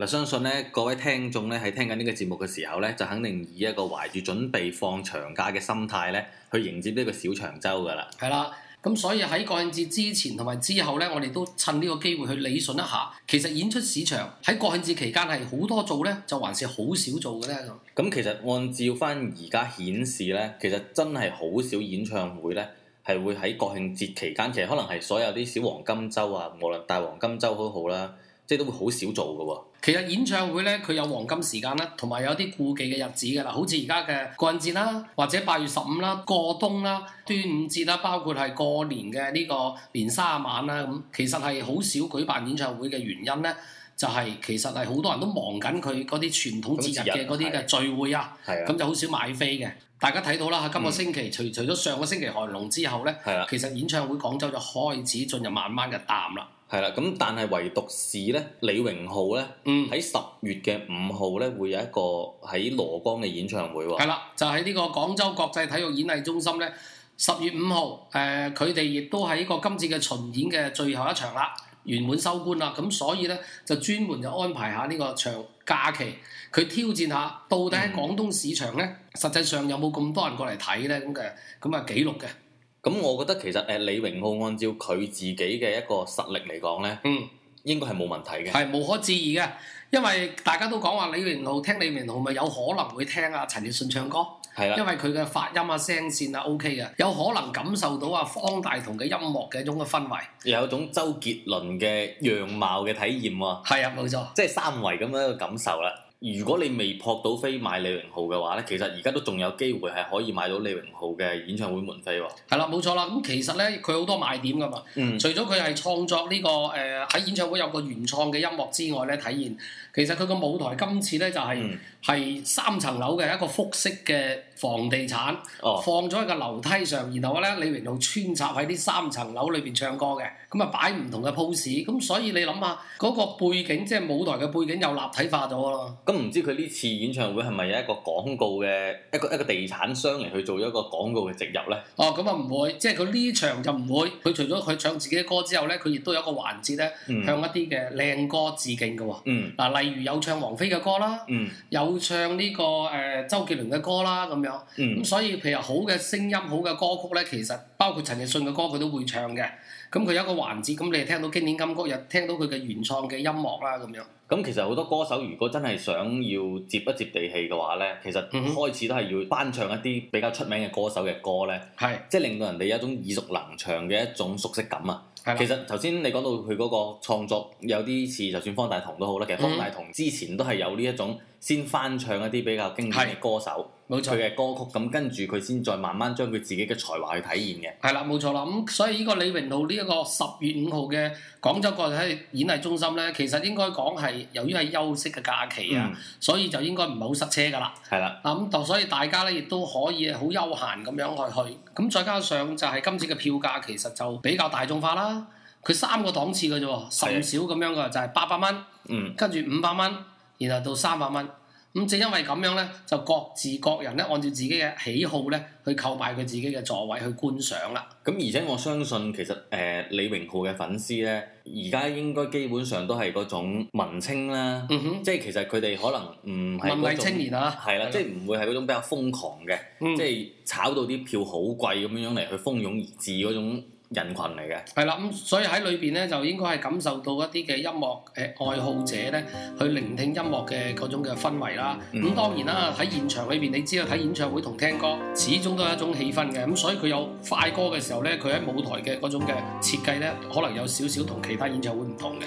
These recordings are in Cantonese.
嗱，相信咧各位聽眾咧，係聽緊呢個節目嘅時候咧，就肯定以一個懷住準備放長假嘅心態咧，去迎接呢個小長週噶啦。係啦，咁所以喺國慶節之前同埋之後咧，我哋都趁呢個機會去理順一下，其實演出市場喺國慶節期間係好多做咧，就還是好少做嘅咧就。咁其實按照翻而家顯示咧，其實真係好少演唱會咧，係會喺國慶節期間，其實可能係所有啲小黃金周啊，無論大黃金周都好啦。即係、啊嗯就是、都會好、嗯嗯、少做嘅喎。其實演唱會咧，佢有黃金時間啦，同埋有啲顧忌嘅日子嘅啦。好似而家嘅國慶節啦，或者八月十五啦、過冬啦、端午節啦，包括係過年嘅呢個年卅晚啦咁。其實係好少舉辦演唱會嘅原因咧，就係其實係好多人都忙緊佢嗰啲傳統節日嘅嗰啲嘅聚會啊，咁就好少買飛嘅。大家睇到啦，今個星期除除咗上個星期韓紅之後咧，其實演唱會廣州就開始進入慢慢嘅淡啦。係啦，咁但係唯獨是咧，李榮浩咧，喺、嗯、十月嘅五號咧，會有一個喺蘿崗嘅演唱會喎。係啦，就喺、是、呢個廣州國際體育演藝中心咧，十月五號，誒佢哋亦都喺個今次嘅巡演嘅最後一場啦，圓滿收官啦，咁所以咧就專門就安排一下呢個長假期，佢挑戰下到底喺廣東市場咧、嗯，實際上有冇咁多人過嚟睇咧咁嘅咁啊記錄嘅。咁我覺得其實誒李榮浩按照佢自己嘅一個實力嚟講咧，嗯，應該係冇問題嘅，係無可置疑嘅，因為大家都講話李榮浩聽李榮浩咪有可能會聽啊陳奕迅唱歌，係啦，因為佢嘅發音啊聲線啊 OK 嘅，有可能感受到啊方大同嘅音樂嘅一種嘅氛圍，又有一種周杰倫嘅樣貌嘅體驗喎，係啊冇錯，即係三維咁樣嘅感受啦。如果你未撲到飛買李榮浩嘅話咧，其實而家都仲有機會係可以買到李榮浩嘅演唱會門飛喎、啊。係啦，冇錯啦。咁其實咧，佢好多賣點㗎嘛。嗯。除咗佢係創作呢個誒喺演唱會有個原創嘅音樂之外咧，體現其實佢個舞台今次咧就係係三層樓嘅一個複式嘅房地產，哦、放咗喺個樓梯上，然後咧李榮浩穿插喺啲三層樓裏邊唱歌嘅，咁啊擺唔同嘅 pose，咁所以你諗下嗰個背景即係舞台嘅背景又立體化咗咯。咁唔知佢呢次演唱會係咪有一個廣告嘅一個一個地產商嚟去做一個廣告嘅植入咧？哦，咁啊唔會，即係佢呢場就唔會。佢除咗佢唱自己嘅歌之後咧，佢亦都有一個環節咧、嗯，向一啲嘅靚歌致敬嘅喎。嗱、嗯，例如有唱王菲嘅歌啦、嗯，有唱呢、呢個、呃、周杰倫嘅歌啦咁樣。咁、嗯、所以譬如好嘅聲音、好嘅歌曲咧，其實包括陳奕迅嘅歌佢都會唱嘅。咁佢有一個環節，咁你聽聽到經典金曲，又聽到佢嘅原創嘅音樂啦咁樣。咁其實好多歌手如果真係想要接一接地氣嘅話咧，其實開始都係要翻唱一啲比較出名嘅歌手嘅歌咧，係即係令到人哋有一種耳熟能詳嘅一種熟悉感啊！其實頭先你講到佢嗰個創作有啲似，就算方大同都好啦。其實方大同之前都係有呢一種先翻唱一啲比較經典嘅歌手、冇錯嘅歌曲，咁跟住佢先再慢慢將佢自己嘅才華去體現嘅。係啦，冇錯啦。咁所以呢個李榮浩呢一個十月五號嘅廣州國際演藝中心咧，其實應該講係由於係休息嘅假期啊、嗯，所以就應該唔係好塞車噶啦。係啦。啊咁，就所以大家咧亦都可以好休閒咁樣去去。咁再加上就係今次嘅票價其實就比較大眾化啦。佢三個檔次嘅啫喎，甚少咁樣嘅就係八百蚊，跟住五百蚊，然後到三百蚊。咁正因為咁樣咧，就各自各人咧，按照自己嘅喜好咧，去購買佢自己嘅座位去觀賞啦。咁而且我相信其實誒、呃、李榮浩嘅粉絲咧，而家應該基本上都係嗰種文青啦，嗯、哼即係其實佢哋可能唔係文青年啦，係啦，即係唔會係嗰種比較瘋狂嘅，嗯、即係炒到啲票好貴咁樣嚟去蜂擁而至嗰種。人群嚟嘅，係啦咁，所以喺裏邊咧，就應該係感受到一啲嘅音樂誒愛好者咧，去聆聽音樂嘅嗰種嘅氛圍啦。咁當然啦，喺現場裏邊，你知道，睇演唱會同聽歌，始終都係一種氣氛嘅。咁所以佢有快歌嘅時候咧，佢喺舞台嘅嗰種嘅設計咧，可能有少少同其他演唱會唔同嘅。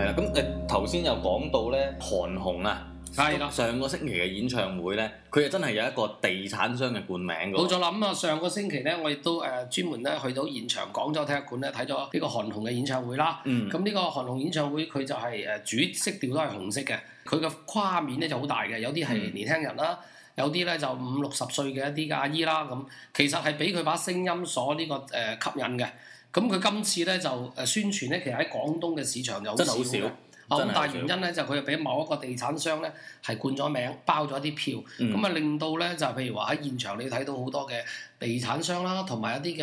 係啦，咁誒頭先又講到咧，韓紅啊，係啦，上個星期嘅演唱會咧，佢又真係有一個地產商嘅冠名嘅。好在諗啊，上個星期咧，我亦都誒專門咧去到現場廣州體育館咧睇咗呢個韓紅嘅演唱會啦。嗯，咁呢個韓紅演唱會佢就係誒主色調都係紅色嘅，佢嘅跨面咧就好大嘅，有啲係年輕人啦，嗯，有啲咧就五六十歲嘅一啲嘅阿姨啦咁，其實係俾佢把聲音所呢個誒吸引嘅。咁佢今次呢就宣傳呢，其實喺廣東嘅市場有好少。咁大原因咧，就佢又俾某一個地產商咧，係冠咗名，包咗啲票，咁、嗯、啊令到咧，就譬如話喺現場你睇到好多嘅地產商啦，同埋一啲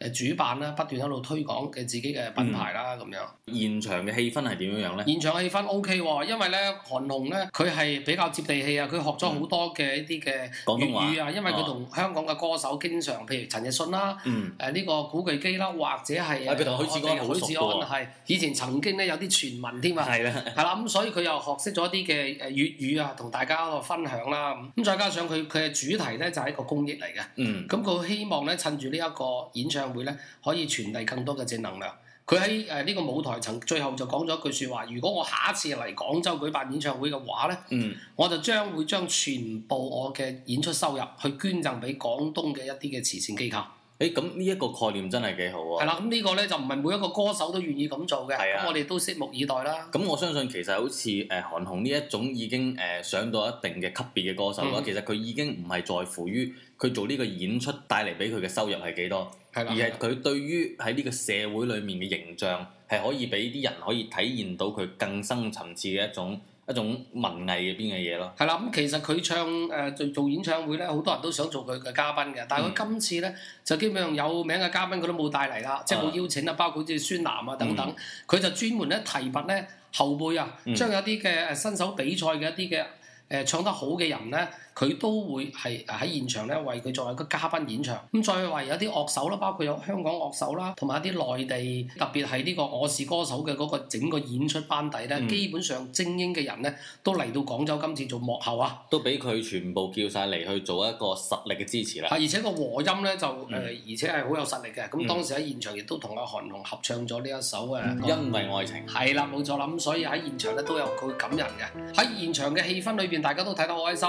嘅誒主辦啦，不斷喺度推廣嘅自己嘅品牌啦，咁、嗯、樣。現場嘅氣氛係點樣樣咧？現場氣氛 O、okay, K，因為咧韓紅咧，佢係比較接地氣啊，佢學咗好多嘅一啲嘅粵語啊，因為佢同香港嘅歌手經常，譬如陳奕迅啦，誒、嗯、呢、這個古巨基啦，或者係同許志安好熟嘅。許志安係以前曾經咧有啲傳聞添啊。係 啦，咁所以佢又學識咗一啲嘅誒粵語啊，同大家個分享啦。咁再加上佢佢嘅主題咧就係一個公益嚟嘅。嗯。咁佢希望咧趁住呢一個演唱會咧，可以傳遞更多嘅正能量。佢喺誒呢個舞台層最後就講咗一句説話：如果我下一次嚟廣州舉辦演唱會嘅話咧，嗯，我就將會將全部我嘅演出收入去捐贈俾廣東嘅一啲嘅慈善機構。誒咁呢一個概念真係幾好喎！係啦，咁呢個咧就唔係每一個歌手都願意咁做嘅。係啊，我哋都拭目以待啦。咁我相信其實好似誒韓紅呢一種已經誒上到一定嘅級別嘅歌手啦、嗯，其實佢已經唔係在乎於佢做呢個演出帶嚟俾佢嘅收入係幾多，係，而係佢對於喺呢個社會裡面嘅形象係可以俾啲人可以體驗到佢更深層次嘅一種。一種文藝入邊嘅嘢咯，係啦，咁其實佢唱誒做、呃、做演唱會咧，好多人都想做佢嘅嘉賓嘅，但係佢今次咧、嗯、就基本上有名嘅嘉賓佢都冇帶嚟啦，啊、即係冇邀請啦，包括好似孫楠啊等等，佢、嗯、就專門咧提拔咧後輩啊，將有啲嘅誒新手比賽嘅一啲嘅誒唱得好嘅人咧。佢都會係喺現場咧為佢作為一個嘉賓演唱，咁再話有啲樂手啦，包括有香港樂手啦，同埋一啲內地，特別係呢個我是歌手嘅嗰個整個演出班底咧、嗯，基本上精英嘅人咧都嚟到廣州今次做幕後啊，都俾佢全部叫晒嚟去做一個實力嘅支持啦。而且個和音咧就誒、嗯，而且係好有實力嘅。咁、嗯、當時喺現場亦都同阿韓紅合唱咗呢一首誒、嗯，因為愛情。係啦，冇錯啦。咁所以喺現場咧都有佢感人嘅。喺現場嘅氣氛裏邊，大家都睇得好開心。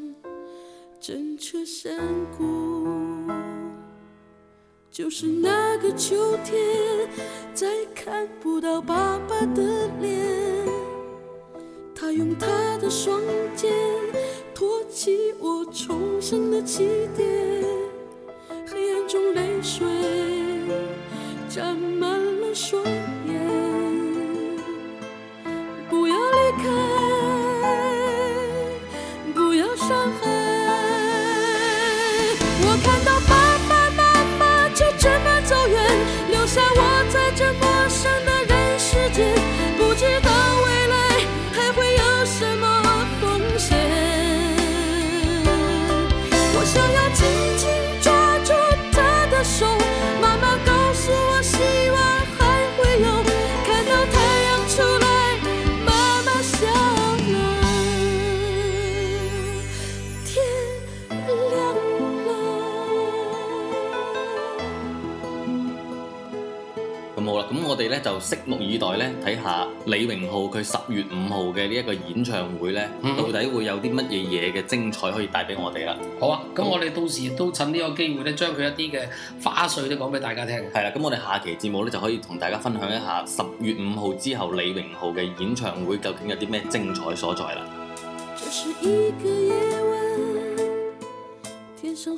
震徹山谷，就是那個秋天，再看不到爸爸的臉。他用他的雙肩托起我重生的起點。拭目以待咧，睇下李榮浩佢十月五號嘅呢一個演唱會咧，到底會有啲乜嘢嘢嘅精彩可以帶俾我哋啦。好啊，咁我哋到時都趁呢個機會咧，將佢一啲嘅花絮都講俾大家聽。係啦，咁我哋下期節目咧就可以同大家分享一下十月五號之後李榮浩嘅演唱會究竟有啲咩精彩所在啦。這是一個夜晚天上